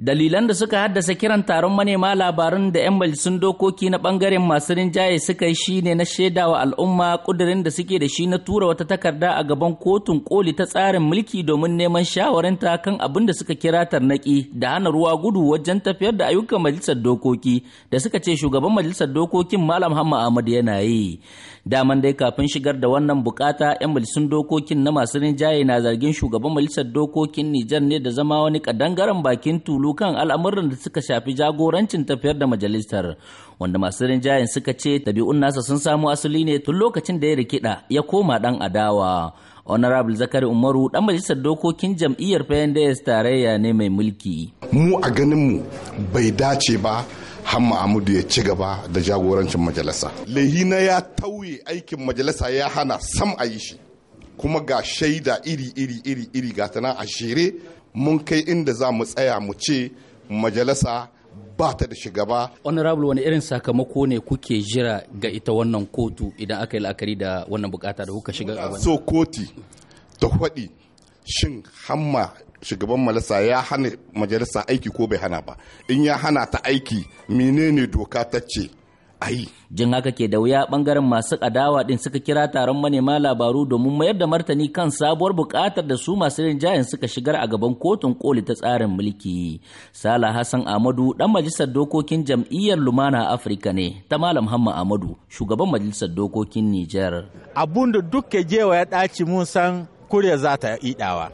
Dalilan da suka haddasa kiran taron manema labarun da 'yan majalisun dokoki na bangaren masu rinjaye suka yi shi ne na shaidawa al'umma kudirin da suke da shi na tura wata takarda a gaban kotun koli ta tsarin mulki domin neman shawarinta kan abin da suka kira tarnaki da hana ruwa gudu wajen tafiyar da ayyukan majalisar dokoki da suka ce shugaban majalisar dokokin malam hamma ahmad yana yi. Daman dai kafin shigar da wannan bukata 'yan majalisun dokokin na masu rinjaye na zargin shugaban majalisar dokokin Nijar ne da zama wani kadangaren bakin tulu maganganu kan al'amuran da suka shafi jagorancin tafiyar da majalisar wanda masu rinjayen suka ce tabi'un nasa sun samo asali ne tun lokacin da ya rikida ya koma dan adawa honorable zakari umaru dan majalisar dokokin jam'iyyar pnds tarayya ne mai mulki mu a ganin mu bai dace ba hamma amudu ya ci gaba da jagorancin majalisa lehina ya tauye aikin majalisa ya hana sam a yi shi kuma ga shaida iri iri iri iri ga tana a shere mun kai inda za mu tsaya mu ce majalisa ba ta da shugaba. honorable wani irin sakamako ne kuke jira ga ita wannan kotu idan aka yi la'akari da wannan bukata da kuka shiga a so koti ta faɗi shin hamma shugaban malasa ya hana majalisa aiki ko bai hana ba in ya hana ta aiki menene doka ta ce Jin haka ke da wuya bangaren masu adawa din suka kira taron manema labaru domin mayar da martani kan sabuwar bukatar da su masu rinjayen suka shigar a gaban kotun koli ta tsarin mulki. Sala Hassan Amadu ɗan majalisar dokokin jam'iyyar Lumana Afirka ne ta Malam Hamma Amadu shugaban majalisar dokokin Nijar. Abun da duka jewa ya ɗaci mun san kurya za ta idawa.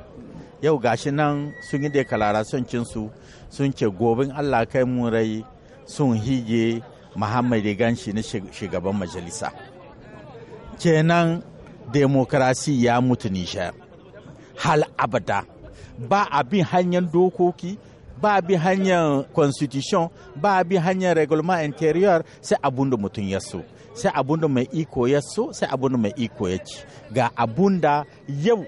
Yau gashi nan sun yi son cinsu sun ce gobin Allah kai mu rai sun hige muhammad ganshi na shugaban majalisa kenan demokarasi ya mutu nishar hal abada ba a bin hanyar dokoki ba bi hanyar constitution ba bi hanyar reglement interior sai abun da mutum ya so sai abun da mai iko ya so sai abun da mai iko ya ci ga abun da yau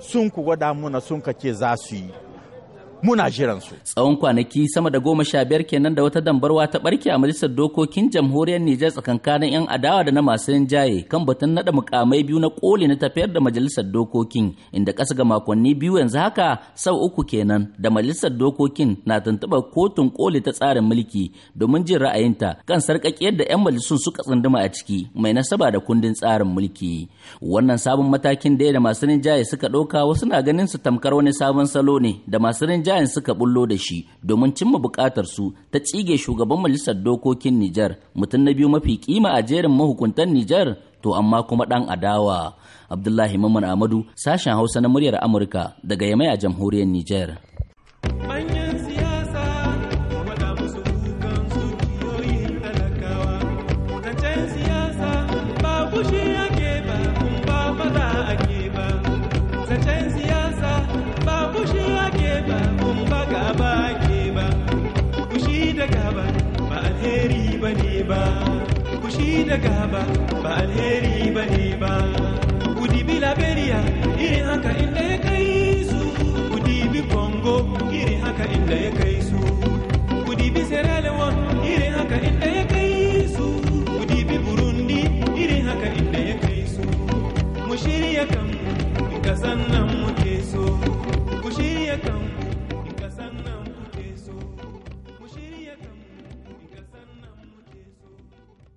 sun ku gwada muna sun ka ce za su yi muna jiran su. Tsawon kwanaki sama da goma sha biyar kenan da wata dambarwa ta barke a majalisar dokokin jamhuriyar Nijar tsakankanin 'yan adawa da na masu rinjaye kan batun naɗa mukamai biyu na koli na tafiyar da majalisar dokokin inda kasa ga makonni biyu yanzu haka sau uku kenan da majalisar dokokin na tuntuɓar kotun koli ta tsarin mulki domin jin ra'ayinta kan sarƙaƙiyar da 'yan majalisun suka tsunduma a ciki mai nasaba da kundin tsarin mulki. Wannan sabon matakin da masu rinjaye suka ɗauka wasu na ganin su tamkar wani sabon salo ne da masu rinjaye rinjayen suka bullo da shi domin cimma su ta tsige shugaban majalisar dokokin Nijar mutum na biyu mafi kima a jerin mahukuntan Nijar to amma kuma dan adawa Abdullahi Mamman Amadu sashen Hausa na muryar Amurka daga Yamai a jamhuriyar Nijar. Kushida gaba ba alheri ba ba fushi gaba ba alheri ba ba kudi bi liberia irin haka inda ya kai su kudi bi congo irin haka inda ya kai su kudi bi sierra leone irin haka inda ya kai su kudi bi burundi irin haka inda ya kai su mu shirya kanmu kasan nan muke so